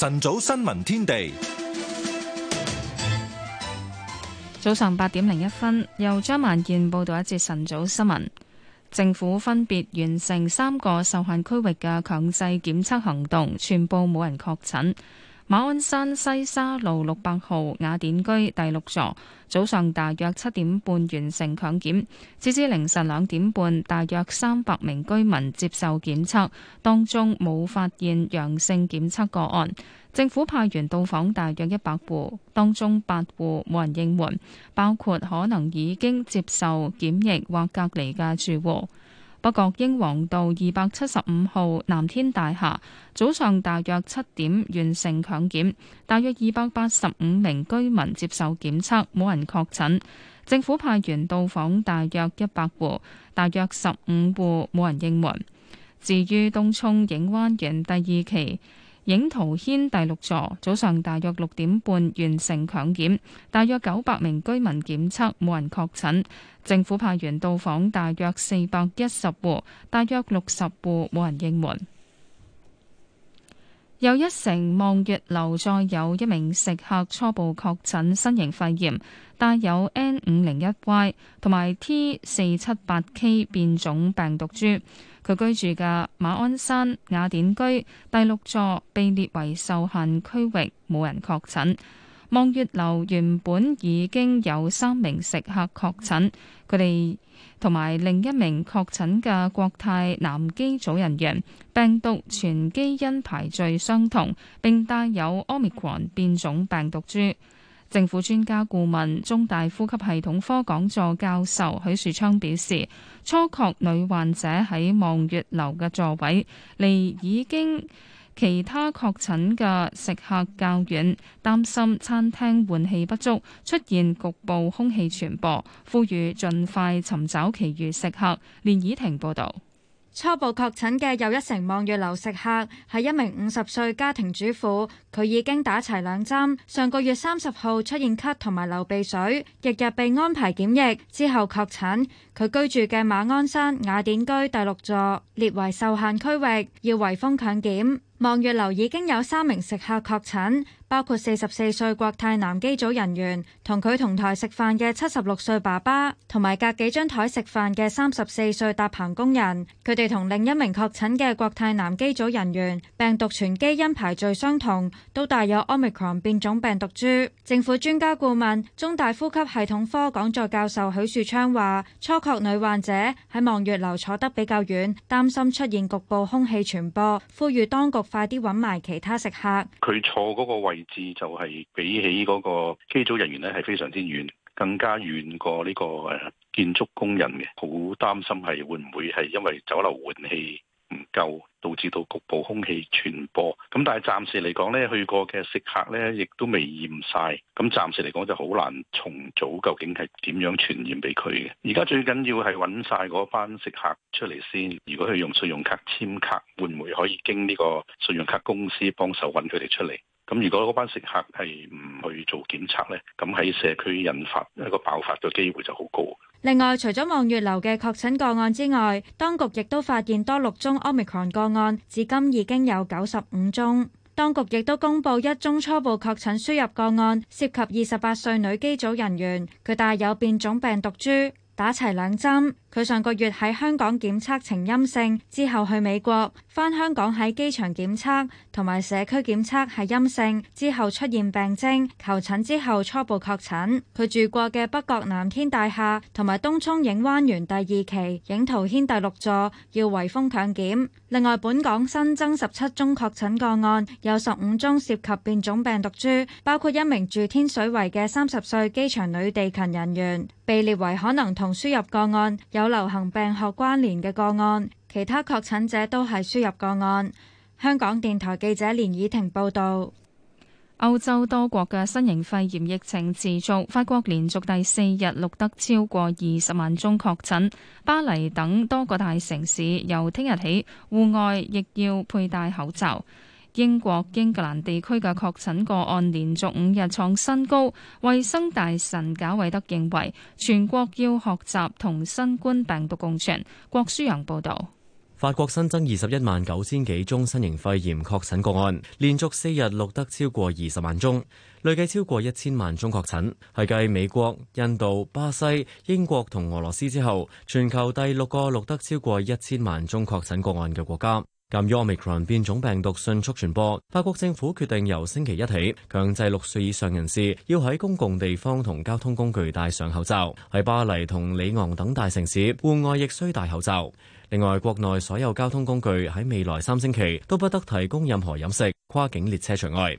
晨早新聞天地，早上八點零一分，由張萬健報道。一節晨早新聞。政府分別完成三個受限區域嘅強制檢測行動，全部冇人確診。馬鞍山西沙路六百號雅典居第六座早上大約七點半完成強檢，截至凌晨兩點半，大約三百名居民接受檢測，當中冇發現陽性檢測個案。政府派員到訪大約一百戶，當中八戶冇人應門，包括可能已經接受檢疫或隔離嘅住戶。北角英皇道二百七十五號南天大廈早上大約七點完成強檢，大約二百八十五名居民接受檢測，冇人確診。政府派員到訪大約一百戶，大約十五戶冇人應門。至於東涌影灣園第二期，影桃軒第六座早上大約六點半完成強檢，大約九百名居民檢測，冇人確診。政府派員到訪大約四百一十戶，大約六十戶冇人應門。又一城望月樓再有一名食客初步確診新型肺炎，帶有 N 五零一 Y 同埋 T 四七八 K 變種病毒株。佢居住嘅馬鞍山雅典居第六座被列為受限區域，冇人確診。望月樓原本已經有三名食客確診，佢哋同埋另一名確診嘅國泰男機組人員，病毒全基因排序相同，並帶有 Omicron 變種病毒株。政府專家顧問、中大呼吸系統科講座教授許樹昌表示，初確女患者喺望月樓嘅座位，離已經其他確診嘅食客較遠，擔心餐廳換氣不足，出現局部空氣傳播，呼籲盡快尋找其餘食客。連以婷報導。初步確診嘅又一城望月樓食客係一名五十歲家庭主婦，佢已經打齊兩針，上個月三十號出現咳同埋流鼻水，日日被安排檢疫之後確診，佢居住嘅馬鞍山雅典居第六座列為受限區域，要圍封強檢。望月樓已經有三名食客確診，包括四十四歲國泰男機組人員，同佢同台食飯嘅七十六歲爸爸，同埋隔幾張台食飯嘅三十四歲搭棚工人。佢哋同另一名確診嘅國泰男機組人員病毒全基因排序相同，都帶有 Omicron 變種病毒株。政府專家顧問、中大呼吸系統科講座教授許樹昌話，初確女患者喺望月樓坐得比較遠，擔心出現局部空氣傳播，呼籲當局。快啲揾埋其他食客。佢坐嗰個位置就係比起嗰個機組人員咧，係非常之遠，更加遠過呢個誒建築工人嘅，好擔心係會唔會係因為酒樓換氣。唔夠，導致到局部空氣傳播。咁但係暫時嚟講呢，去過嘅食客呢，亦都未驗晒。咁暫時嚟講就好難重組，究竟係點樣傳染俾佢嘅？而家最緊要係揾晒嗰班食客出嚟先。如果佢用信用卡簽卡，會唔會可以經呢個信用卡公司幫手揾佢哋出嚟？咁如果嗰班食客係唔去做檢測咧，咁喺社區引發一個爆發嘅機會就好高。另外，除咗望月樓嘅確診個案之外，當局亦都發現多六宗 omicron 個案，至今已經有九十五宗。當局亦都公布一宗初步確診輸入個案，涉及二十八歲女機組人員，佢帶有變種病毒株，打齊兩針。佢上個月喺香港檢測呈陰性，之後去美國，返香港喺機場檢測同埋社區檢測係陰性，之後出現病徵，求診之後初步確診。佢住過嘅北角南天大廈同埋東涌映灣園第二期映濤軒第六座要圍封強檢。另外，本港新增十七宗確診個案，有十五宗涉及變種病毒株，包括一名住天水圍嘅三十歲機場女地勤人員，被列為可能同輸入個案。有流行病學關聯嘅個案，其他確診者都係輸入個案。香港電台記者連以婷報導，歐洲多國嘅新型肺炎疫情持續，法國連續第四日錄得超過二十萬宗確診，巴黎等多個大城市由聽日起戶外亦要佩戴口罩。英國英格蘭地區嘅確診個案連續五日創新高。衛生大臣賈偉德認為，全國要學習同新冠病毒共存。郭舒陽報導。法國新增二十一萬九千幾宗新型肺炎確診個案，連續四日錄得超過二十萬宗，累計超過一千萬宗確診，係繼美國、印度、巴西、英國同俄羅斯之後，全球第六個錄得超過一千萬宗確診個案嘅國家。因 Omicron 變種病毒迅速傳播，法國政府決定由星期一起強制六歲以上人士要喺公共地方同交通工具戴上口罩。喺巴黎同里昂等大城市，戶外亦需戴口罩。另外，國內所有交通工具喺未來三星期都不得提供任何飲食，跨境列車除外。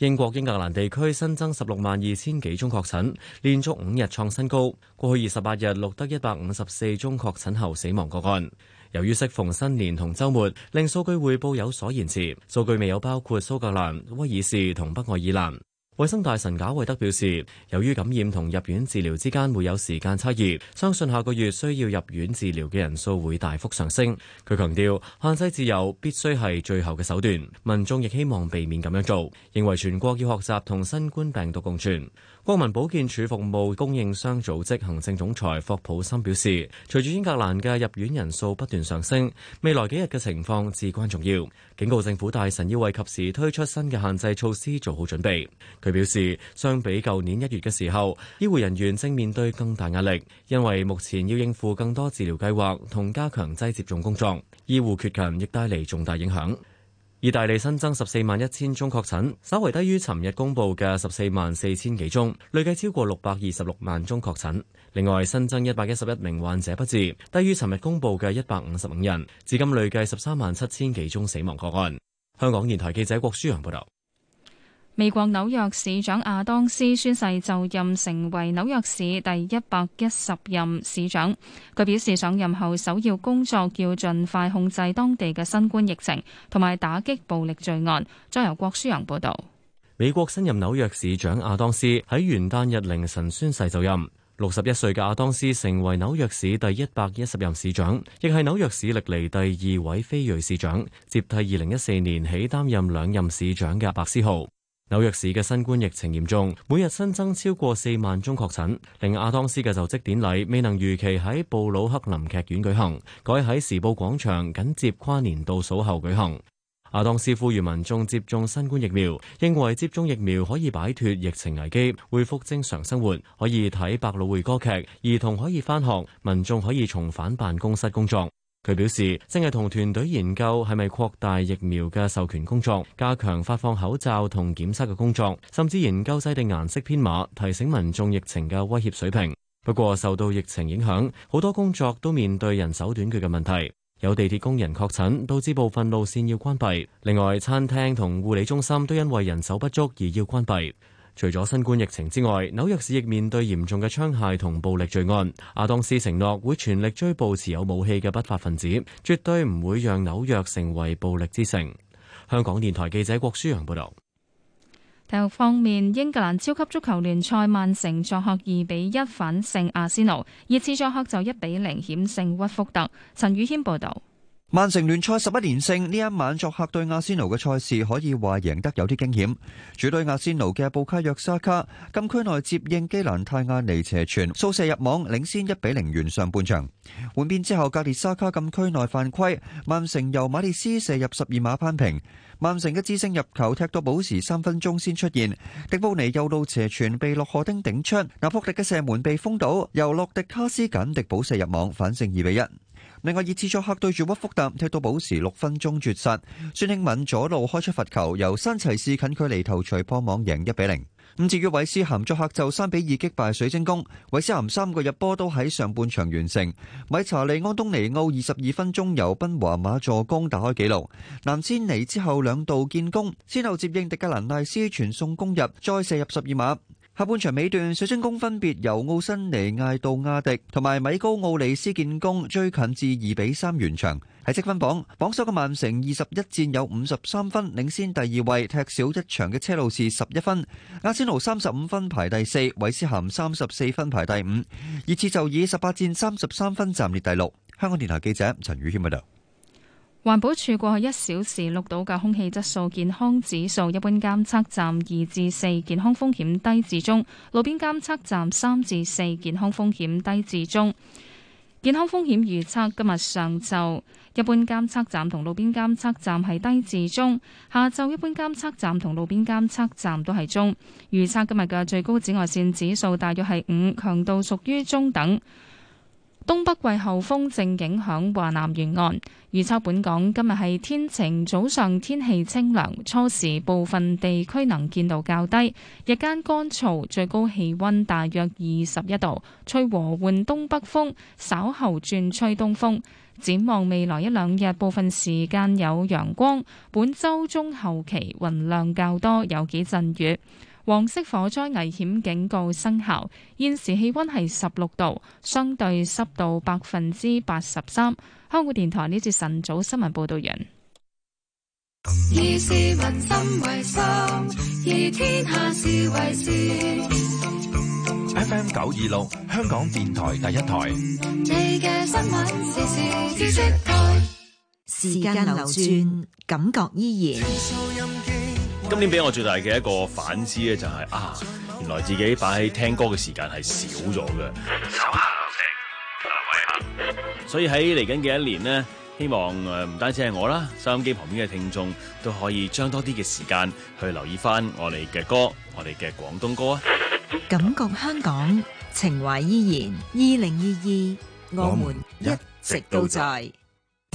英國英格蘭地區新增十六萬二千幾宗確診，連續五日創新高。過去二十八日錄得一百五十四宗確診後死亡個案。由於適逢新年同週末，令數據回報有所延遲。數據未有包括蘇格蘭、威爾士同北愛爾蘭。衛生大臣賈維德表示，由於感染同入院治療之間會有時間差異，相信下個月需要入院治療嘅人數會大幅上升。佢強調，限制自由必須係最後嘅手段，民眾亦希望避免咁樣做，認為全國要學習同新冠病毒共存。國民保健署服務供應商組織行政總裁霍普森表示，隨住英格蘭嘅入院人數不斷上升，未來幾日嘅情況至關重要，警告政府大臣要為及時推出新嘅限制措施做好準備。佢表示，相比舊年一月嘅時候，醫護人員正面對更大壓力，因為目前要應付更多治療計劃同加強劑接種工作，醫護缺勤亦帶嚟重大影響。意大利新增十四萬一千宗確診，稍為低於尋日公布嘅十四萬四千幾宗，累計超過六百二十六萬宗確診。另外新增一百一十一名患者不治，低於尋日公布嘅一百五十五人，至今累計十三萬七千幾宗死亡個案。香港電台記者郭舒揚報道。美國紐約市長亞當斯宣誓就任，成為紐約市第一百一十任市長。佢表示，上任後首要工作要盡快控制當地嘅新冠疫情，同埋打擊暴力罪案。再由郭書陽報道。美國新任紐約市長亞當斯喺元旦日凌晨宣誓就任。六十一歲嘅亞當斯成為紐約市第一百一十任市長，亦係紐約市歷嚟第二位非裔市長，接替二零一四年起擔任兩任市長嘅白思豪。紐約市嘅新冠疫情嚴重，每日新增超過四萬宗確診，令亞當斯嘅就職典禮未能如期喺布魯克林劇院舉行，改喺時報廣場緊接跨年倒數後舉行。亞當斯呼籲民眾接種新冠疫苗，認為接種疫苗可以擺脫疫情危機，恢復正常生活，可以睇百老匯歌劇，兒童可以返學，民眾可以重返辦公室工作。佢表示，正係同團隊研究係咪擴大疫苗嘅授權工作，加強發放口罩同檢測嘅工作，甚至研究制定顏色編碼，提醒民眾疫情嘅威脅水平。不過，受到疫情影響，好多工作都面對人手短缺嘅問題。有地鐵工人確診，導致部分路綫要關閉。另外，餐廳同護理中心都因為人手不足而要關閉。除咗新冠疫情之外，紐約市亦面對嚴重嘅槍械同暴力罪案。阿當斯承諾會全力追捕持有武器嘅不法分子，絕對唔會讓紐約成為暴力之城。香港電台記者郭書陽報道。體育方面，英格蘭超級足球聯賽曼城作客二比一反勝阿仙奴，熱刺作客就一比零險勝屈福特。陳宇謙報道。曼城聯賽十一連勝，呢一晚作客對阿仙奴嘅賽事可以話贏得有啲驚險。主隊阿仙奴嘅布卡約沙卡禁區內接應基蘭泰亞尼斜傳掃射入網，領先一比零完上半場。換邊之後，格列沙卡禁區內犯規，曼城由馬列斯射入十二碼扳平。曼城嘅致勝入球踢到補時三分鐘先出現。迪布尼右路斜傳被洛可丁頂出，那福特嘅射門被封堵，由洛迪卡斯簡迪補射入網，反勝二比一。另外，熱刺作客對住屈福特踢到補時六分鐘絕殺。孫興敏左路開出罰球，由山齊士近距離頭槌破網贏，贏一比零。咁至於韋斯咸作客就三比二擊敗水晶宮。韋斯咸三個入波都喺上半場完成。米查利安東尼奧二十二分鐘由賓華馬助攻打開紀錄。南千尼之後兩度建功，先後接應迪格蘭賴斯傳送攻入，再射入十二碼。下半場尾段，水晶宮分別由奧申尼艾杜亞迪同埋米高奧利斯建功，追近至二比三完場。喺積分榜，榜首嘅曼城二十一戰有五十三分，領先第二位踢少一場嘅車路士十一分。阿仙奴三十五分排第四，韋斯咸三十四分排第五，熱刺就以十八戰三十三分暫列第六。香港電台記者陳宇謙報道。環保處過去一小時錄到嘅空氣質素健康指數，一般監測站二至四，健康風險低至中；路邊監測站三至四，健康風險低至中。健康風險預測今日上晝，一般監測站同路邊監測站係低至中；下晝一般監測站同路邊監測站都係中。預測今日嘅最高紫外線指數大約係五，強度屬於中等。東北季候風正影響華南沿岸，預測本港今日係天晴，早上天氣清涼，初時部分地區能見度較低，日間乾燥，最高氣溫大約二十一度，吹和緩東北風，稍後轉吹東風。展望未來一兩日，部分時間有陽光，本周中後期雲量較多，有幾陣雨。黃色火災危險警告生效。現時氣溫係十六度，相對濕度百分之八十三。香港電台呢節晨早新聞報道員。以市民心為心，以天下事為事。F.M. 九二六，香港電台第一台。你時間流轉，感覺依然。今年俾我最大嘅一個反思咧、就是，就係啊，原來自己擺喺聽歌嘅時間係少咗嘅。所以喺嚟緊嘅一年呢，希望誒唔單止係我啦，收音機旁邊嘅聽眾都可以將多啲嘅時間去留意返我哋嘅歌，我哋嘅廣東歌啊。感覺香港，情懷依然。二零二二，2022, 我們一直都在。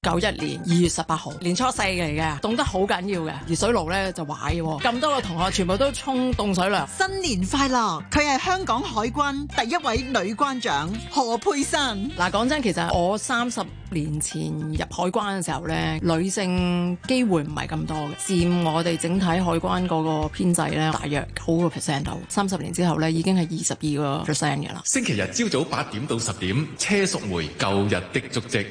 九一年二月十八號，年初四嚟嘅，凍得好緊要嘅，熱水爐咧就壞喎。咁多個同學全部都沖凍水涼。新年快樂！佢係香港海關第一位女關長何佩珊。嗱，講真，其實我三十年前入海關嘅時候咧，女性機會唔係咁多嘅，佔我哋整體海關嗰個編制咧大約九個 percent 度。三十年之後咧，已經係二十二個 percent 噶啦。星期日朝早八點到十點，車淑梅舊日的足跡。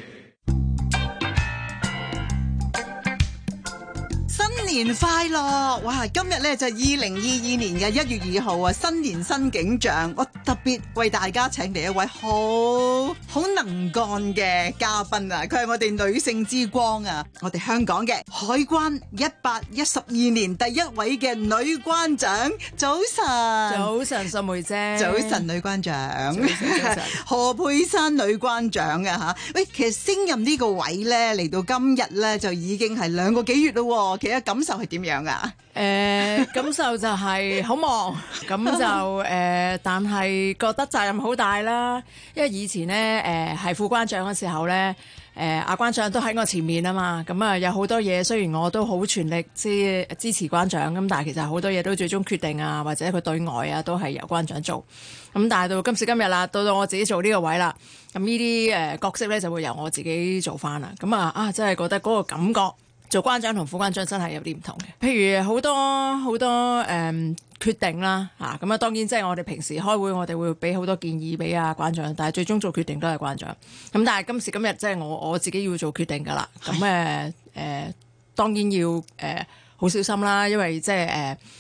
新年快樂！哇，今日咧就二零二二年嘅一月二號啊，新年新景象。我特別為大家請嚟一位好好能幹嘅嘉賓啊，佢係我哋女性之光啊，我哋香港嘅海關一百一十二年第一位嘅女關長。早晨，早晨，沈梅姐，早晨，女關長，早晨，何佩珊女關長啊吓。喂，其實升任呢個位咧，嚟到今日咧就已經係兩個幾月咯。其實咁感受係點樣噶？誒、呃，感受就係好忙，咁 就誒、呃，但係覺得責任好大啦。因為以前呢誒係、呃、副關長嘅時候呢，誒、呃、阿關長都喺我前面啊嘛，咁、嗯、啊有好多嘢，雖然我都好全力支支持關長，咁但係其實好多嘢都最終決定啊，或者佢對外啊，都係由關長做。咁但係到今時今日啦，到到我自己做呢個位啦，咁呢啲誒角色呢就會由我自己做翻啦。咁、嗯、啊啊，真係覺得嗰個感覺。做關長同副關長真係有啲唔同嘅，譬如好多好多誒、呃、決定啦嚇，咁啊當然即係我哋平時開會，我哋會俾好多建議俾啊關長，但係最終做決定都係關長。咁、啊、但係今時今日即係我我自己要做決定㗎啦。咁誒誒，當然要誒、呃、好小心啦，因為即係誒。呃